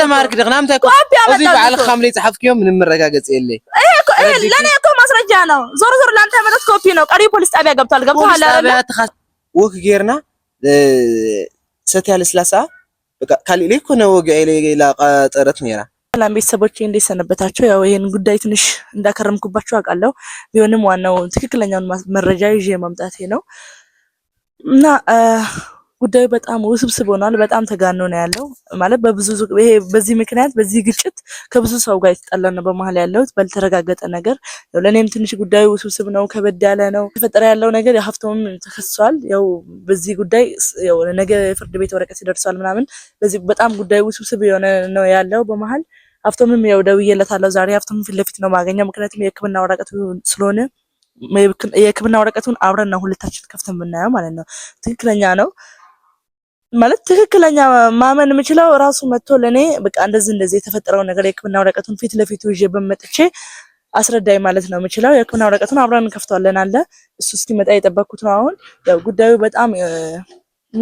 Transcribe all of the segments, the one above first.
ተማርክ ድክ ናምታይ እኮ እዚህ ባዕልክ ከምሪ ጻሕፍክዮም ምንም መረጋገጽ የለይ። ለእኔ እኮ ማስረጃ ነው። ዞሮ ዞሮ ለአንተ ያመጣሁት ኮፒ ነው። ቀሪ ፖሊስ ጣቢያ ገብቷል። ገብቶሃል አይደል? ወክ ጌርና ሰት ያለ ስላሳ በቃ ካሊ ለይ ኮነ ወግ ሌላ ቀጠረት ነራ ሰላም ቤተሰቦቼ እንዴት ሰነበታችሁ? ያው ይሄን ጉዳይ ትንሽ እንዳከረምኩባቸው አውቃለሁ። ቢሆንም ዋናው ትክክለኛውን መረጃ ይዤ ማምጣቴ ነው እና ጉዳዩ በጣም ውስብስብ ሆኗል። በጣም ተጋኖ ነው ያለው ማለት በብዙ ይሄ በዚህ ምክንያት በዚህ ግጭት ከብዙ ሰው ጋር የተጣላ ነው በመሀል ያለሁት ባልተረጋገጠ ነገር። ለእኔም ትንሽ ጉዳዩ ውስብስብ ነው፣ ከበድ ያለ ነው። ተፈጠረ ያለው ነገር ሀብቶም ተከሷል። ያው በዚህ ጉዳይ ነገ የፍርድ ቤት ወረቀት ይደርሷል ምናምን። በዚህ በጣም ጉዳዩ ውስብስብ የሆነ ነው ያለው በመሀል ሀብቶምም ያው ደውዬለታለሁ ዛሬ። ሀብቶም ፊት ለፊት ነው ማገኘው፣ ምክንያቱም የሕክምና ወረቀቱ ስለሆነ የሕክምና ወረቀቱን አብረን ነው ሁለታችን ከፍተን ብናየው ማለት ነው ትክክለኛ ነው ማለት ትክክለኛ ማመን የምችለው ራሱ መጥቶ ለእኔ በቃ እንደዚህ እንደዚህ የተፈጠረው ነገር የሕክምና ወረቀቱን ፊት ለፊቱ ይዤ በመጥቼ አስረዳኝ ማለት ነው የምችለው። የሕክምና ወረቀቱን አብረን እንከፍተዋለን አለ እሱ እስኪመጣ የጠበኩት ነው። አሁን ያው ጉዳዩ በጣም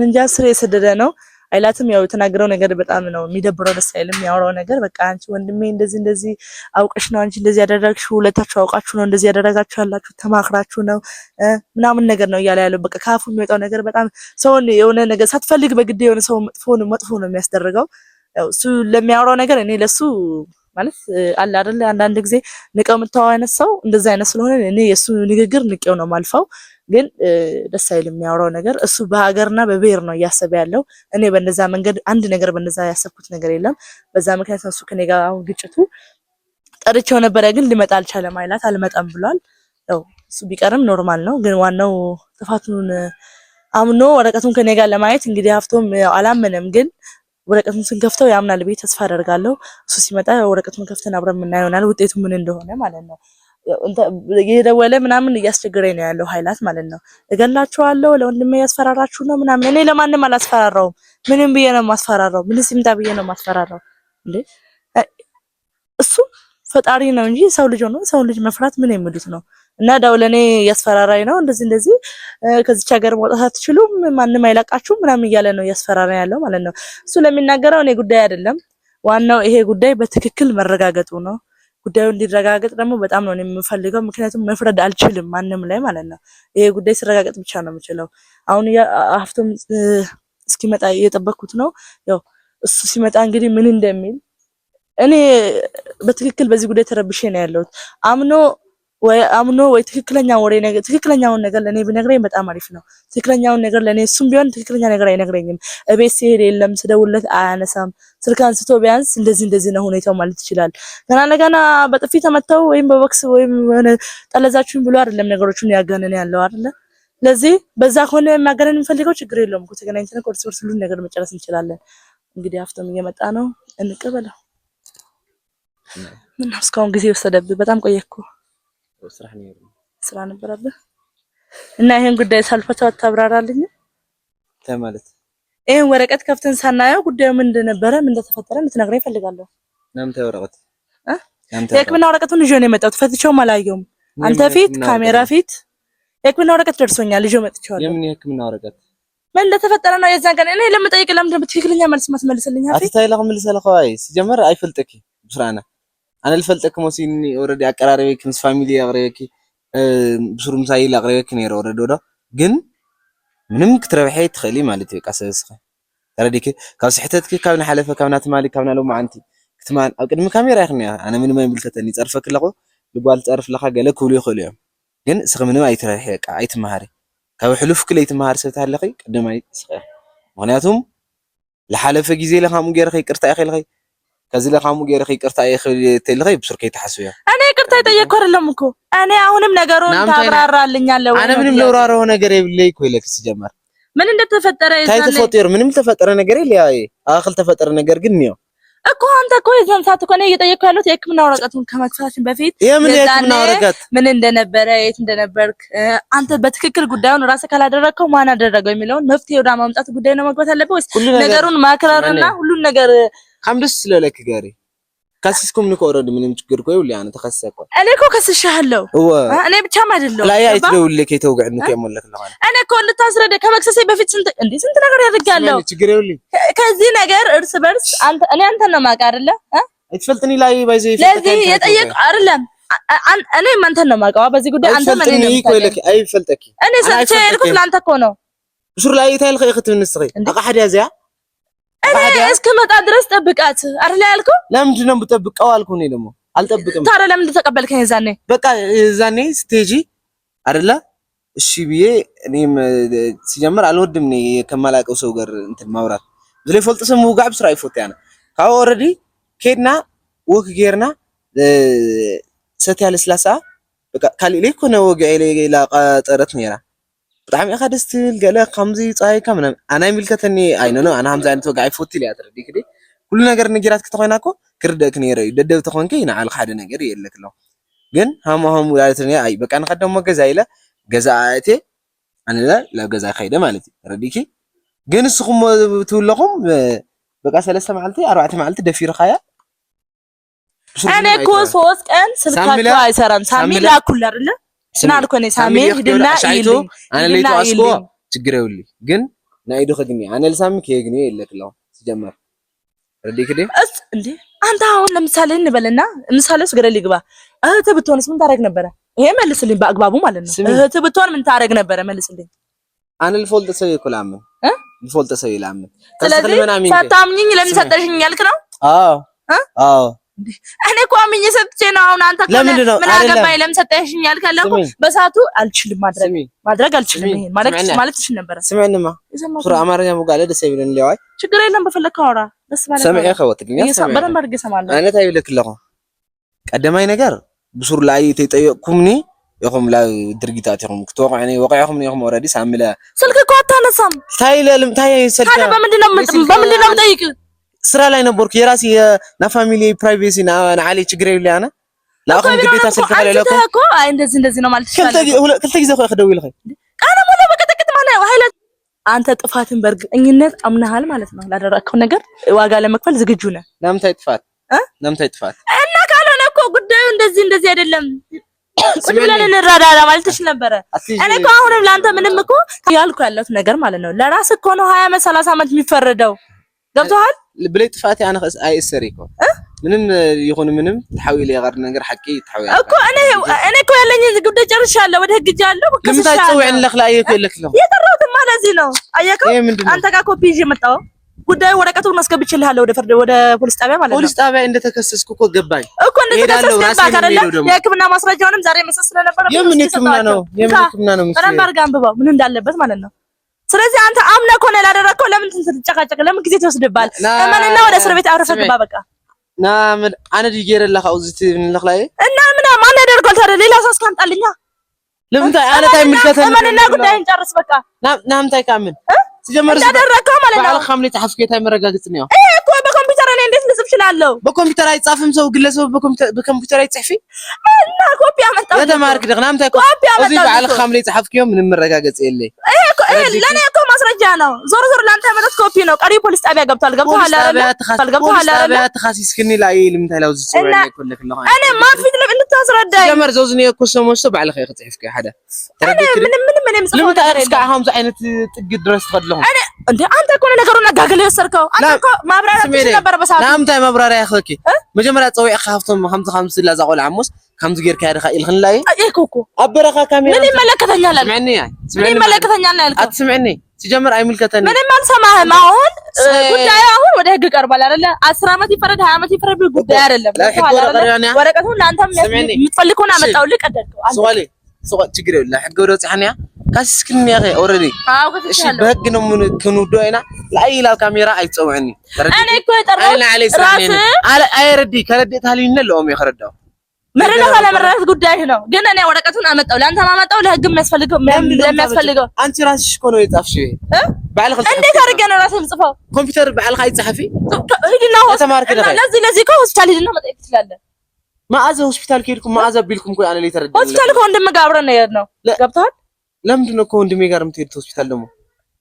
ምንጃ ስር የሰደደ ነው። አይላትም። ያው የተናገረው ነገር በጣም ነው የሚደብረው፣ ደስ አይልም። ያወራው ነገር በቃ አንቺ ወንድሜ እንደዚህ እንደዚህ አውቀሽ ነው አንቺ እንደዚህ ያደረግሽው፣ ሁለታችሁ አውቃችሁ ነው እንደዚህ ያደረጋችሁ ያላችሁ ተማክራችሁ ነው ምናምን ነገር ነው እያለ ያለው። በቃ ካፉ የሚወጣው ነገር በጣም ሰውን የሆነ ነገር ሳትፈልግ በግድ የሆነ ሰው መጥፎ መጥፎ ነው የሚያስደርገው። ያው እሱ ለሚያወራው ነገር እኔ ለሱ ማለት አለ አይደለ አንዳንድ ጊዜ ንቀው የምታወው አይነት ሰው እንደዚህ አይነት ስለሆነ እኔ የእሱ ንግግር ንቄው ነው ማልፈው ግን ደስ አይልም የሚያወራው ነገር። እሱ በሀገርና በብሔር ነው እያሰበ ያለው። እኔ በነዛ መንገድ አንድ ነገር በነዛ ያሰብኩት ነገር የለም። በዛ ምክንያት እሱ ከኔ ጋር አሁን ግጭቱ ጠርቼው ነበረ፣ ግን ሊመጣ አልቻለም። አይላት አልመጣም ብሏል። ያው እሱ ቢቀርም ኖርማል ነው። ግን ዋናው ጥፋቱን አምኖ ወረቀቱን ከኔ ጋር ለማየት እንግዲህ ሀፍቶም አላመነም፣ ግን ወረቀቱን ስንከፍተው ያምናል ብዬ ተስፋ አደርጋለሁ። እሱ ሲመጣ ወረቀቱን ከፍተን አብረን የምናየው ይሆናል ውጤቱ ምን እንደሆነ ማለት ነው። የደወለ ምናምን እያስቸግረኝ ነው ያለው ኃይላት ማለት ነው። እገላችኋለሁ፣ ለወንድሜ እያስፈራራችሁ ነው ምናምን። እኔ ለማንም አላስፈራራውም። ምንም ብዬ ነው ማስፈራራው? ምን ሲምታ ብዬ ነው ማስፈራራው? እንዴ እሱ ፈጣሪ ነው እንጂ ሰው ልጅ ሆኖ ሰው ልጅ መፍራት ምን የሚሉት ነው? እና ደውለኔ እያስፈራራኝ ነው እንደዚህ እንደዚህ ከዚች ሀገር መውጣት አትችሉም፣ ማንም አይላቃችሁ ምናምን እያለ ነው እያስፈራራኝ ያለው ማለት ነው። እሱ ለሚናገረው እኔ ጉዳይ አይደለም። ዋናው ይሄ ጉዳይ በትክክል መረጋገጡ ነው። ጉዳዩ እንዲረጋገጥ ደግሞ በጣም ነው የምፈልገው። ምክንያቱም መፍረድ አልችልም ማንም ላይ ማለት ነው። ይሄ ጉዳይ ሲረጋገጥ ብቻ ነው የምችለው። አሁን ሀፍቶም እስኪመጣ እየጠበኩት ነው። ያው እሱ ሲመጣ እንግዲህ ምን እንደሚል እኔ በትክክል በዚህ ጉዳይ ተረብሼ ነው ያለሁት አምኖ ወይ አምኖ ወይ ትክክለኛ ወሬ ነገር ትክክለኛውን ነገር ለኔ ቢነግረኝ በጣም አሪፍ ነው። ትክክለኛውን ነገር ለኔ እሱም ቢሆን ትክክለኛ ነገር አይነግረኝም። እቤት ሲሄድ የለም፣ ስደውለት አያነሳም። ስልክ አንስቶ ቢያንስ እንደዚህ እንደዚህ ነው ሁኔታው ማለት ይችላል። ገና ለገና በጥፊ ተመተው ወይም በቦክስ ወይም የሆነ ጠለዛችሁን ብሎ አይደለም ነገሮቹን ያገንን ያለው አይደለ። ለዚህ በዛ ከሆነ የሚያገንን የሚፈልገው ችግር የለውም እኮ ተገናኝተን እርስ በርስ ሁሉን ነገር መጨረስ እንችላለን። እንግዲህ አፍቶም እየመጣ ነው፣ እንቀበለው። ምነው እስካሁን ጊዜ ወሰደብህ? በጣም ቆየኩ። ስራ ነበረብህ እና ይሄን ጉዳይ ሳልፈተው አታብራራልኝ ተማለት ይሄን ወረቀት ከፍተን ሳናየው ጉዳዩ ምን እንደነበረ ምን እንደተፈጠረ እንድትነግረኝ እፈልጋለሁ። ናምተ ወረቀት እ የሕክምና ወረቀቱን ይዤ ነው የመጣሁት። ፈትቼውም አላየውም። አንተ ፊት ካሜራ ፊት ወረቀት ደርሶኛል። ይዤው መጥቼዋለሁ። የምን ወረቀት ምን እንደተፈጠረ ነው የዛን ቀን እኔ ለምጠይቅ ትክክለኛ መልስ አፊ ሲጀመር አይፈልጥክ ብስራና ኣነልፈልጠክሞ ወረዲ ኣቀራሪበኪ ምስ ፋሚሊ ኣቅሪበኪ ብሱሩምሳይል ኣቅሪበኪ ነይረ ወረዲ ዶ ግን ምንም ክትረብሐይ ትኽእል ማለት እዩ ቃ ሰበስኸ ካብ ስሕተትኪ ካብ ንሓለፈ ካብ ናትማሊ ካብ ናሎማዓንቲ ክትማል ኣብ ቅድሚ ካሜራ ይኽኒ ኣነ ምንም ኣይምልከተኒ ይፀርፈክ ኣለኹ ልጓል ፀርፍ ለካ ገለ ክብሉ ይኽእሉ እዮም ግን እስኺ ምንም ኣይትረብሐ ቃ ኣይትመሃሪ ካብ ሕሉፍክ ለይትመሃር ሰብ ተሃለኺ ቅድማይ ስኸ ምክንያቱም ዝሓለፈ ግዜ ለካምኡ ገይረኸይ ቅርታ ኢኸ ከዚ ለካምኡ ገይረ ይቅርታ ተልኸይ ብሱር ከይተሓስብ እያ ኣነ ይቅርታ ይጠየቅኩ አይደለም እኮ ኣነ ኣሁንም ነገሩን ታብራራልኝ ኣለዎ ኣነ ምንም ለውራረቦ ነገር የብለይ ኮይለ ክስጀመር ምን እንደተፈጠረ ታይ ተፈጢሩ ምንም ተፈጠረ ነገር የለ ኣኽል ተፈጠረ ነገር ግን እኒዮ እኮ አንተ እኮ የዛን ሰዓት እኮ እኔ እየጠየቅኩ ያለሁት የሕክምና ወረቀቱን ከመክፈታችን በፊት የምን የሕክምና ወረቀት ምን እንደነበረ የት እንደነበርክ አንተ በትክክል ጉዳዩን ራስህ ካላደረግከው ማን አደረገው የሚለውን መፍትሄ ወደ ማምጣት ጉዳይ ነው መግባት አለበት ወይስ ነገሩን ማክራርና ሁሉን ነገር ከምደስ ስለለክ ጋሪ ከስስኩም ንኮ ኦልሬዲ ምንም ችግር እኮ ይኸውልህ፣ ያኔ ተከሰሰ እኔ እኮ ከስሻለሁ። እኔ ብቻም አይደለም ላይ አይትደውልልህ የተውጋኝ እኮ የሞለክ ለማለት እኔ እኮ እንድታስረዳ ከመክሰሴ በፊት ስንት እንዴ ስንት ነገር ያደርጋለሁ። ችግር ይኸውልህ፣ ከዚህ ነገር እርስ በርስ አንተ እኔ አንተን ነው የማውቅ አይደለ አትፈልጥኒ ላይ ባይዘ ለዚህ የጠየቅ አይደለም እኔ አንተን ነው የማውቀው በዚህ ጉዳይ አንተ ምን ነው አይፈልጠኪ እኔ ሰጥቼ የሄድኩት ለአንተ እኮ ነው ሹር ላይ ታይል ኸይኽት አቃ ሐዳ እዚያ እኔ እስክመጣ ድረስ ጠብቃት አይደል ያልከው? ለምንድን ነው የምጠብቀው አልኩህ። እኔ ደግሞ አልጠብቅም። ታዲያ ለምንድን ተቀበልከኝ? ዛኔ በቃ ዛኔ ስትሄጂ አይደለ? እሺ ብዬ እኔም ሲጀምር አልወድም እኔ ከማላውቀው ሰው ጋር እንትን ማውራት ዝለይ ፈልጥ ስሙ ጋብ ስራ ይፎት ያነ ካው ኦልሬዲ ኬድና ወክ ጌርና ሰት ያለ ስላሳ በቃ ካልኢለይ ኮነ ወግ ኢለይ ላቃ ነራ ብጣዕሚ ኢኻ ደስ ትብል ገለ ከምዚ ፀባይካ ምናምን ኣነ ይምልከተኒ ኣይኖኖ ኣነ ከምዚ ዓይነት ወጋ ኣይፈትል ኢለ ትርዲ ክዲ ኩሉ ነገር ነጊራት ክተኮይና ኮ ክርደእክ ነይረ እዩ ደደብ ተኮንከ ንዓልካ ሓደ ነገር የለክ ኣሎ ግን ሃምኡ ሃምኡ ዳለት ኣይ በቃ ንከደሞ ገዛ ኢለ ገዛ ኣእቴ ኣነ ናብ ገዛ ከይደ ማለት እዩ ረዲኪ ግን ንስኹም ትብለኹም በቃ ሰለስተ መዓልቲ ኣርባዕተ መዓልቲ ደፊርካያ ኣነ ኮ ሶስት ቀን ስልካቸው ኣይሰራን ሳሚላ ኩል አይደለ ስናልኮነ ሳሜ ሂድና ኢሉ አነሌቶ አስኮ ችግር ይውልኝ ግን ናይዶ ከግኒ አነልሳም ከግኒ ይለክለው ሲጀመር ረዲ ከዲ እስ እንዴ አንተ አሁን ለምሳሌ እንበልና ምሳሌ ውስጥ ገደል ይግባ እህትህ ብትሆንስ ምን ታደርግ ነበረ? ይሄ መልስልኝ በአግባቡ ማለት ነው። እህትህ ብትሆን ምን ታደርግ ነበረ? መልስልኝ። አነ ልፎልጥ ሰው ይኩላምን እ ልፎልጥ ሰው ይላምን። ስለዚህ ሳታምኝኝ ለምን ሰጠሽኝ ያልክ ነው? አዎ አዎ እኔ እኮ አምኜ ሰጥቼ ነው። አሁን አንተ ምን አገባኝ ለምን ሰጠሽኝ ያልከለ በሰዓቱ አልችልም ማድረግ ማድረግ አልችልም። ይሄን ማለት ማለት ትችል ነበር። ስሚንማ ሱራ አማርኛ ሙጋለ ደስ ይብልን ሊያዋይ ችግር የለም። በፈለከው አውራ ደስ ማለት ሰሚያ ከወጥኛ ሰሚያ በደንብ አድርጌ እሰማለሁ። እኔ ታይ ልክልህ ቀደማይ ነገር ብሱር ላይ ተጠየቅኩምኒ ይኹም ላይ ድርጊታት ይኹም ክትወቅዕኒ ወቂዕኹም ይኹም ኦልሬዲ ሳምለ ስልክ እኮ አታነሳም። ታይ ለልም ታይ ሰልካ ታዲያ በምንድን ነው በምንድን ነው የምጠይቅህ ስራ ላይ ነበርኩ። የራሲ ና ፋሚሊ ፕራይቬሲ ና ዓለይ ችግር የብለያነ ንዓኹም ግዴታ ስልክ ከለለኩምክልተ ግዜ ኮ ክደው ኢልኸ ቃነ ሞለ በቀጠቅጥ ማለት አንተ ጥፋትን በእርግጠኝነት አምናሃል ማለት ነው። ላደረግከው ነገር ዋጋ ለመክፈል ዝግጁ ነህ። ለምታይ ጥፋት ለምታይ ጥፋት እና ካልሆነ እኮ ጉዳዩ እንደዚህ እንደዚህ አይደለም። ቁጭ ብለን እንረዳዳ ማለት ትችል ነበረ። እኔ እኮ አሁንም ለአንተ ምንም እኮ ያልኩ ያለሁት ነገር ማለት ነው ለራስህ እኮ ነው ሀያ አመት ሰላሳ ዓመት የሚፈረደው ገብቶሃል ብለይ ጥፋእቲ ኣነ ክስ ኣይእሰር ምንም ይኹን ምንም ተሓዊሉ የቀር ነገር ሓቂ ተሓዊ እኮ እኔ እኔ እኮ ያለኝ ጉዳይ ጨርሻለሁ። ወደ ሕግ ጃለሁ ምንታይ ፀውዕን ለክላ እየ ክእልክ ለ የጠራሁትማ ለዚህ ነው። አየከው አንተ ጋር ኮፒ ይዤ መጣሁ። ጉዳዩ ወረቀቱ ማስገብችልሃለሁ ወደ ፍርድ ወደ ፖሊስ ጣቢያ ማለት ነው። ፖሊስ ጣቢያ እንደተከሰስኩ እኮ ገባኝ እኮ እንደተከሰስኩ ገባኝ አይደለ? ማስረጃውንም ዛሬ መሰስ ስለነበረ የምን ሕክምና ነው የምን ሕክምና ነው? ምን እንዳለበት ማለት ነው ስለዚህ አንተ አምነህ እኮ ነው ያላደረግከው። ለምን ትጨቃጨቅ? ለምን ጊዜ ትወስድብሃል? እመንና ወደ እስር ቤት አብረህ ግባ። በቃ ና ምን አነ ዲጌረ ለካ እዚ ትንለክ ላይ እና ምን ማን ያደርገዋል ታዲያ? ሌላ ሰው አስቀምጣልኛ። ለምን ታይ አነ እመንና ጉዳይን ጨርስ። በቃ ናም ታይ ካምን ሲጀመር ያደረግከው ማለት ነው። ባልካም ላይ ተሐፍከ ነው እችላለሁ። በኮምፒውተር አይጻፍም። ሰው ግለሰብ በኮምፒውተር አይጽሕፊ እና ኮፒ አመጣሁ። የተማርክ ደግ ናምታይ ኮፒ አመጣሁ። እዚህ ባዕልካ ከምለይ ጻሕፍክዮም ምንም መረጋገጽ የለይ። ለእኔ እኮ ማስረጃ ነው። ዞሮ ዞሮ ለአንተ ያመጣት ኮፒ ነው። ቀሪ ፖሊስ ጣቢያ ገብቷል። ገብቶሃል አይደል? ገብቶሃል አይደል? ተኻሲስክኒ ላይ ልምታይ ላውዝ ጽወይ ይኮልክ ለኻ እኔ ማጥፊት ልብ እንድታስረዳይ ጀመር ዘውዝኒ እኮ ሰሞን ሰው ባዕልካ ይጽሕፍከ ሓደ እኔ ምንም ምን የምጽፈው ነገር የለም። እስከ አሁን አይነት ጥግ ድረስ ትኸድለሁ እንደ አንተ እኮ ነው ነገሩን አጋግለህ የወሰድከው። አንተ እኮ ማብራሪያ ትችል ነበር በሰዓቱ። ናምንታይ ማብራሪያ ይኽእልኪ መጀመርያ ፀዊዕካ ካብቶም ከምዚ ከምዚ ላዛ ቆልዓ ሙስ ከምዚ ጌርካ ያድኻ ኢልኽንላ እዩ እኮ እኮ ኣብ በረኻ ካሜራ ምን ይመለከተኛል አልክ። ምን ይመለከተኛል አልክ። አትስምዕኒ ሲጀምር አይምልከተኒ ምንም አልሰማህም። አሁን ጉዳዩ አሁን ወደ ህግ ቀርቧል አይደለ? አስር ዓመት ይፈረድ ሀያ ዓመት ይፈረድ ጉዳይ አይደለም። ወረቀቱን ለአንተም የምትፈልገውን አመጣሁልህ ቀደድከው። ችግር የለ ሕገ ወደ ወፅሐንያ ካስ ስክሪን ያገ ኦሬዲ አው ከፍቻለሁ። እሺ በህግ ነው ምን ክንውዶ አይና ላይ ይላል ካሜራ አይተውዕኒ እኔ እኮ የጠራሁት አይረዲ ከረዴት አለኝ ነው ለኦም ይረዳው መረዳት ካለመረዳት ጉዳይ ነው። ግን እኔ ወረቀቱን አመጣው ለአንተ ማመጣው ለህግ የሚያስፈልገው ለሚያስፈልገው አንቺ ራስሽ እኮ ነው የጻፍሽ። ባልክ እንዴት አድርገህ ነው ራስህ የምጽፈው? ኮምፒውተር ባልክ አይጻፊ ሂድና ሆስፒታል ለዚህ ለዚህ እኮ ሆስፒታል ሂድና መጠየቅ ትችላለህ። መአዛ ሆስፒታል ከሄድኩም መአዛ ቢልኩም እኮ አለ ላይ ተረዳ ሆስፒታል እኮ ወንድምህ ጋር አብረን ነው የሄድነው። ገብቶሃል ለምንድን ነው ከወንድሜ ጋር የምትሄዱት ሆስፒታል? ደግሞ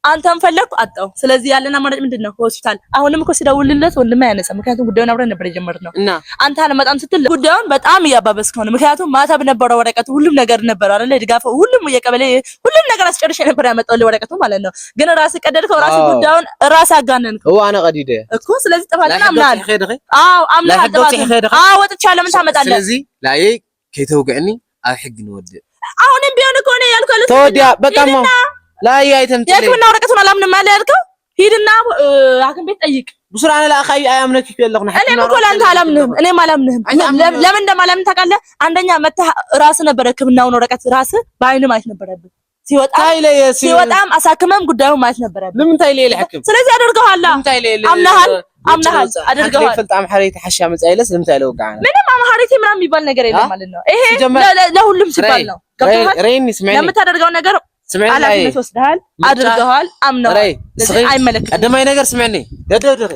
አንተም ፈለግኩ አጣው። ስለዚህ ያለን አማራጭ ምንድን ነው? ሆስፒታል። አሁንም እኮ ሲደውልለት ወንድሜ አያነሳም። ምክንያቱም ጉዳዩን አብረን ነበር የጀመርነው እና አንተ አልመጣም ስትል ጉዳዩን በጣም እያባበስከው ከሆነ ምክንያቱም ማታ በነበረው ወረቀቱ ሁሉም ነገር ነበር አይደል? ድጋፍ፣ ሁሉም የቀበሌ ሁሉም ነገር አስጨርሼ ነበር ያመጣው ወረቀቱ ማለት ነው። ግን ራስ ቀደድከው፣ ራስ ጉዳዩን ራስ አጋነንከው። ዋና ቀዲደ እኮ ስለዚህ ጥፋትን አምናል። አዎ አምናል። ጥፋትን አዎ ወጥቻለሁ። ምን ታመጣለህ? ስለዚህ ላይ ከተውገዕኒ ኣብ ሕግ ንወድእ አሁንም ቢሆን እኮ ነው ያልኩህ። ተወዲያ በቃ ነው ላይ አይተን ትልይ የሕክምና ወረቀቱን አላምንም አለ ያልከው ሂድና ሐኪም ቤት ጠይቅ። ብስራነ ለአኻይ አያምነክ ይፈልግ ነው። እኔም እኮ ለአንተ አላምንህም፣ እኔም አላምንህም። ለምን እንደማላምን ታውቃለህ? አንደኛ መተህ ራስ ነበር ሕክምናውን ወረቀት ራስህ በአይን ማየት ነበረብህ። ሲወጣም አሳክመም ጉዳዩን ማየት ነበረብህ። ስለዚህ አደርገዋለሁ። አምናሃል አምናሃል አድርገዋል። ፍልጥ አምሐሬት ሐሺ አመጽ አይለ ስለምታ ይለውቃና ምንም አምሐሬት ምናምን የሚባል ነገር የለም ማለት ነው። ይሄ ለሁሉም ሲባል ነው። ለምታደርገው ነገር ኃላፊነት ወስደሃል፣ አድርገዋል፣ አምነዋል። አይመለከትም። ቀደማይ ነገር ስሜኒ ደደደረ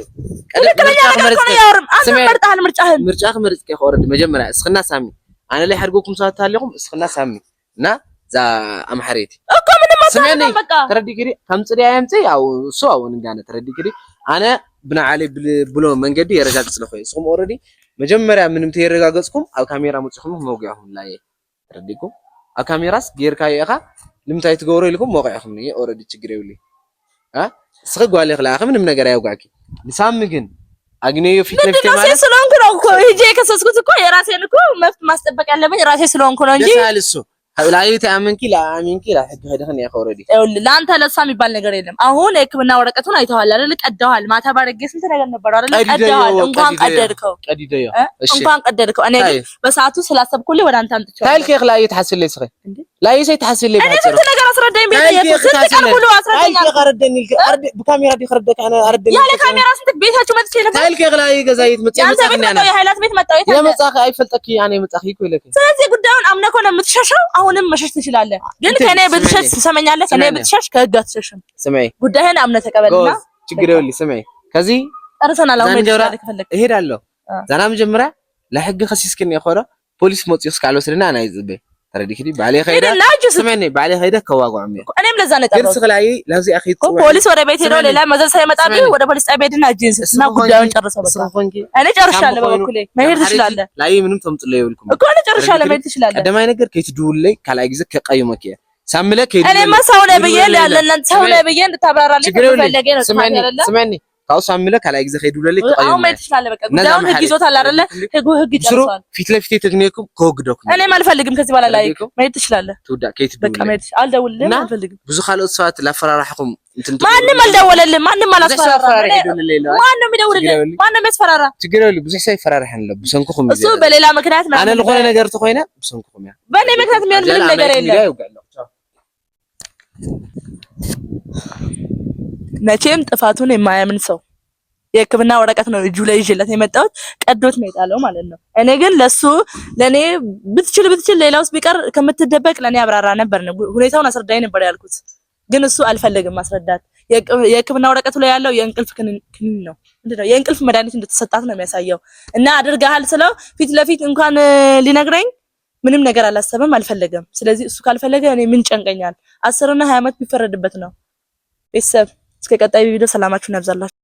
ቀደማይ ነገር ነው ያወርም አንተ መርጣህል። ምርጫህን ምርጫህ ምርጫህ ከወረድ መጀመሪያ እስክና ሳሚ አነ ላይ ሐድጎኩም ሰዓት ታለቁም እስክና ሳሚ እና ዛ አምሐሬት እኮ ምንም አሳለ በቃ ተረዲ ግሪ ከምጽሪ አያምጽ ያው እሱ አሁን እንዳነ ተረዲ ግሪ አነ ብና ዓለይ ብሎ መንገዲ የረጋግፅ ንኽእል ንስኹም ኦልሬዲ መጀመርያ ምንም ተይረጋገፅኩም ኣብ ካሜራ መፅኹም መውቂዕኹም ላ ረዲኩም ኣብ ካሜራስ ጌርካዮ ኢኻ ንምንታይ ትገብሮ ኢልኩም መውቂዕኹም እየ ኦልሬዲ ችግር የብሉ እስኺ ጓል ክልኣኸ ምንም ነገር ኣየውጋዕኪ ንሳሚ ግን ኣግነዮ ፊት ለፊት ማለት ስለሆንኩ ነው እኮ ሂጄ የከሰስኩት እኮ የራሴን እኮ መብት ማስጠበቅ ያለብኝ ራሴ ስለሆንኩ ነው እንጂ ደስ እሱ ለአዩት አመንኪ ለአሚንኪ ለህግ ሄደህን ያፈረዲ ይኸውልህ፣ ለአንተ ለእሷ የሚባል ነገር የለም። አሁን የህክምና ወረቀቱን አይተዋል አይደል? ቀደዋል። ማታ ባረጌ ስንት ነገር ነበር አይደል? ቀደዋል። እንኳን ቀደድከው፣ እንኳን ቀደድከው። እኔ ግን በሰዓቱ ስላሰብኩልህ ወደ አንተ አምጥቼዋለሁ። ታልክ ይኸ ለአዩ ትሐስል ለይ ስኸ ለአዩ ሰይ ትሐስል ለይ እኔ ስንት ነገር አስረዳኝ። ቤት ስንት ቀን ሙሉ አስረዳኝ። አረደኝ ልክ በካሜራ ዲ ከረደክ አነ አረደኝ ያለ ካሜራ ስንት ቤታችሁ መጥቼ ነበር። ታልክ ይኸ ለአዩ ገዛይት መጥቼ ነበር። ያንተ ቤት መጣሁ የሀይላት ቤት መጣሁ የመጣህ አይፈልጠክ ያኔ መጣህ ይኮ ይለክ ስለዚህ ጉዳይ አምነህ ከሆነ የምትሸሸው አሁንም መሸሽ ትችላለህ። ግን ከኔ ብትሸሽ ትሰመኛለህ። ከኔ ብትሸሽ ከህግ አትሸሽም። ስሜ ጉዳይህን አምነ ተቀበልና ችግር ይኸውልህ፣ ስሜ ከዚህ ጨርሰናል። አሁን እሄዳለሁ ዛና መጀመሪያ ለህግ ከሲስክን የኮነ ፖሊስ መፅኡ ስካልወስድና ናይ ዝብል ترى كده بعلي يعني خيرك لا جس سمعني بعلي خيرك كواقع عمي انا ملزانه تابو قلت خلاي لازم اخي كو بوليس ولا بيتي ولا لا ما زال سلامة ابي ولا بوليس ابي انا جنس ما كنت انا جرس انا جرش على بابا ما يردش لا لا اي منهم تمط لي لكم انا جرش على ما يردش لا قدام اي ነገር كيت دول لي كلا اجزك قيمك يا ساملك انا ما ساوله بيه لا لا ساوله بيه انت تبرر لي فلقينا سمعني سمعني ካውሳ ምለ ካላይ ግዜ ኸይዱ ለለ አሁን ማየት ትችላለህ። በቃ ጉዳዩን ህግ ይዞታል አይደለ? ህጉ ህግ ይጨርሳል። ፊት ለፊት የተግኘኩም ከወግደኩ እኔም አልፈልግም። ከዚህ በኋላ ላይ ማየት ትችላለህ። ትውዳ ከይት በቃ ማየት አልደውልልህም፣ አልፈልግም። ብዙ ካልኦት ሰዓት ላፈራራህኩም ማንም አልደወለልም፣ ማንም አላስፈራራም። ማንም ይደውልልህ፣ ማንም ያስፈራራ ችግር የለ። ብዙ ሳይ ፈራራህ አለ ብሰንኩኩም እሱ በሌላ ምክንያት ማለት አነ ለሆነ ነገር ተኮይና ብሰንኩኩም ያ በእኔ ምክንያት የሚሆን ምንም ነገር የለም። መቼም ጥፋቱን የማያምን ሰው የሕክምና ወረቀት ነው እጁ ላይ ይዤለት የመጣሁት ቀዶት ነው የጣለው ማለት ነው። እኔ ግን ለሱ ለኔ ብትችል ብትችል ውስጥ ቢቀር ከምትደበቅ ለኔ አብራራ ነበር ነው ሁኔታውን አስረዳኝ ነበር ያልኩት። ግን እሱ አልፈልግም ማስረዳት። የሕክምና ወረቀቱ ላይ ያለው የእንቅልፍ ክኒን ነው ነው የእንቅልፍ መድኃኒት እንደተሰጣት ነው የሚያሳየው። እና አድርገሃል ስለው ፊት ለፊት እንኳን ሊነግረኝ ምንም ነገር አላሰበም፣ አልፈለገም። ስለዚህ እሱ ካልፈለገ እኔ ምን ጨንቀኛል? አስርና ሀያ ዓመት ቢፈረድበት ነው ቤተሰብ እስከ ቀጣይ ቪዲዮ ሰላማችሁን ያብዛላችሁ።